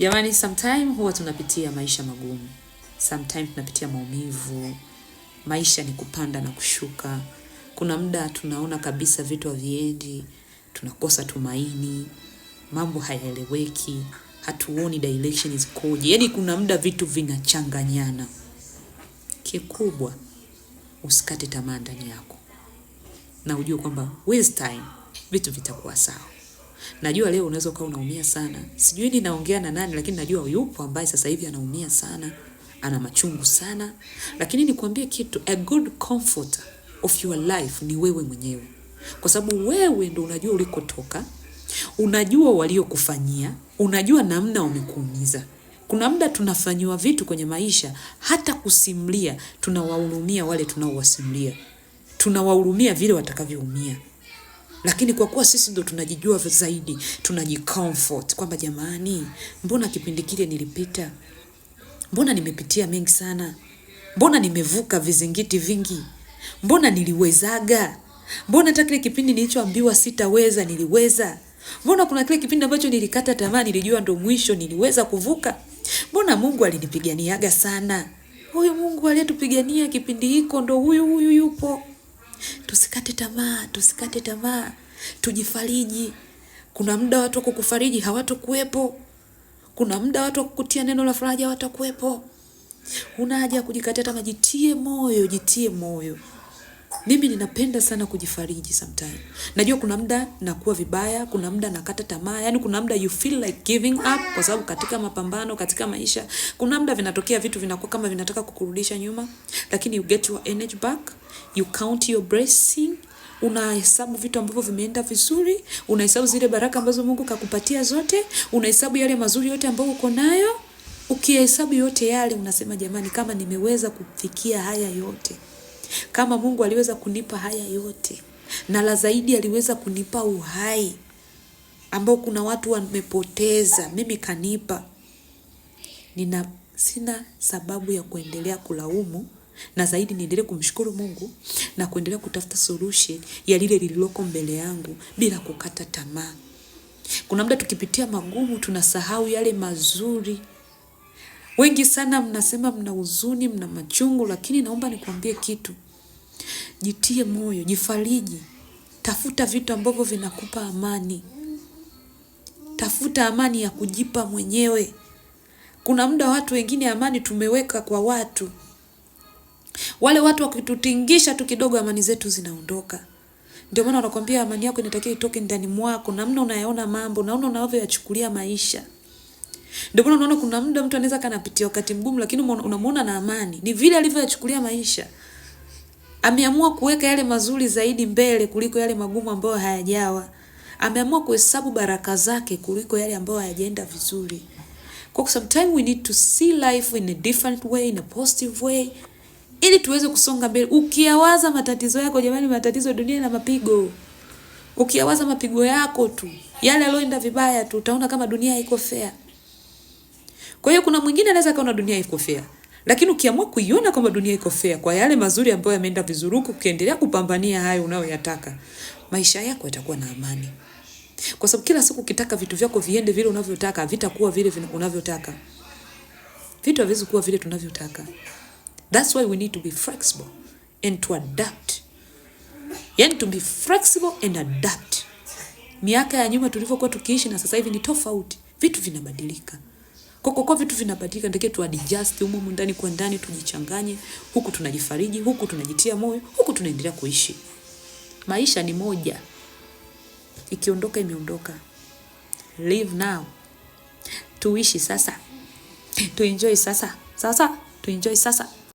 Jamani, sometime huwa tunapitia maisha magumu, sometime tunapitia maumivu. Maisha ni kupanda na kushuka. Kuna muda tunaona kabisa vitu haviendi, tunakosa tumaini, mambo hayaeleweki, hatuoni direction zikoje. Yaani kuna muda vitu vinachanganyana. Kikubwa usikate tamaa ndani yako, na ujue kwamba with time vitu vitakuwa sawa. Najua leo unaweza ukawa unaumia sana, sijui ninaongea na nani, lakini najua yupo ambaye sasa hivi anaumia sana, ana machungu sana, lakini nikwambie kitu, a good comforter of your life ni wewe mwenyewe, kwa sababu wewe ndo unajua ulikotoka, unajua waliokufanyia, unajua namna wamekuumiza. Kuna muda tunafanyiwa vitu kwenye maisha, hata kusimlia tunawahurumia wale tunaowasimlia, tunawahurumia vile watakavyoumia lakini kwa kuwa sisi ndo tunajijua zaidi, tunajicomfort kwamba jamani, mbona kipindi kile nilipita, mbona nimepitia mengi sana, mbona nimevuka vizingiti vingi, mbona niliwezaga, mbona hata kile kipindi nilichoambiwa sitaweza niliweza, mbona kuna kile kipindi ambacho nilikata tamaa, nilijua ndo mwisho, niliweza kuvuka, mbona Mungu alinipiganiaga sana. Huyu Mungu aliyetupigania kipindi hiko ndo huyu huyu yupo tusikate tamaa, tusikate tamaa, tujifariji. Kuna muda watu wa kukufariji hawatakuwepo, kuna muda watu wa kukutia neno la faraja hawatakuwepo. huna haja ya kujikatia tamaa, jitie moyo, jitie moyo. Mimi ninapenda sana kujifariji sometimes. Najua kuna muda nakuwa vibaya, kuna muda nakata tamaa, yani kuna muda you feel like giving up kwa sababu katika mapambano, katika maisha, kuna muda vinatokea vitu vinakuwa kama vinataka kukurudisha nyuma, lakini you get your energy back, you count your blessing, unahesabu vitu ambavyo vimeenda vizuri, unahesabu zile baraka ambazo Mungu kakupatia zote, unahesabu yale mazuri yote ambayo uko nayo. Ukihesabu yote yale unasema jamani, kama nimeweza kufikia haya yote kama Mungu aliweza kunipa haya yote na la zaidi, aliweza kunipa uhai ambao kuna watu wamepoteza, mimi kanipa, nina sina sababu ya kuendelea kulaumu, na zaidi niendelee kumshukuru Mungu na kuendelea kutafuta solution ya lile lililoko mbele yangu bila kukata tamaa. Kuna muda tukipitia magumu tunasahau yale mazuri Wengi sana mnasema mna huzuni, mna machungu, lakini naomba nikwambie kitu. Jitie moyo, jifariji. Tafuta vitu ambavyo vinakupa amani. Tafuta amani ya kujipa mwenyewe. Kuna muda watu wengine amani tumeweka kwa watu. Wale watu wakitutingisha tu kidogo, amani zetu zinaondoka. Ndio maana wanakwambia amani yako inatakiwa itoke ndani mwako, namna unayaona mambo, naona unavyoyachukulia maisha. Ndio maana unaona kuna muda mtu anaweza kanapitia wakati mgumu, lakini unamuona na amani, ni vile alivyoyachukulia maisha. Ameamua kuweka yale mazuri zaidi mbele kuliko yale magumu ambayo hayajawa. Ameamua kuhesabu baraka zake kuliko yale ambayo hayajaenda vizuri. Kwa sometimes we need to see life in a different way, in a positive way ili tuweze kusonga mbele. Ukiyawaza matatizo yako, jamani, matatizo dunia na mapigo. Ukiyawaza mapigo yako tu, yale yaloenda vibaya tu, utaona kama dunia haiko fair. Kwa hiyo kuna mwingine anaweza kaona dunia iko fair. Lakini ukiamua kuiona kwamba dunia iko fair kwa yale mazuri ambayo yameenda vizuri huku ukiendelea kupambania hayo unayoyataka, maisha yako yatakuwa na amani. Kwa sababu kila siku ukitaka vitu vyako viende vile unavyotaka, vitakuwa vile unavyotaka. Vitu haviwezi kuwa vile tunavyotaka. That's why we need to be flexible and to adapt. Yaani to be flexible and adapt. Miaka ya nyuma tulivyokuwa tukiishi na sasa hivi ni tofauti. Vitu vinabadilika. Kwa kwa vitu vinapatika ndio tu adjust humo ndani kwa ndani, tujichanganye, huku tunajifariji, huku tunajitia moyo, huku tunaendelea kuishi. Maisha ni moja, ikiondoka imeondoka. Live now, tuishi sasa, tuenjoy sasa, sasa tuenjoy sasa.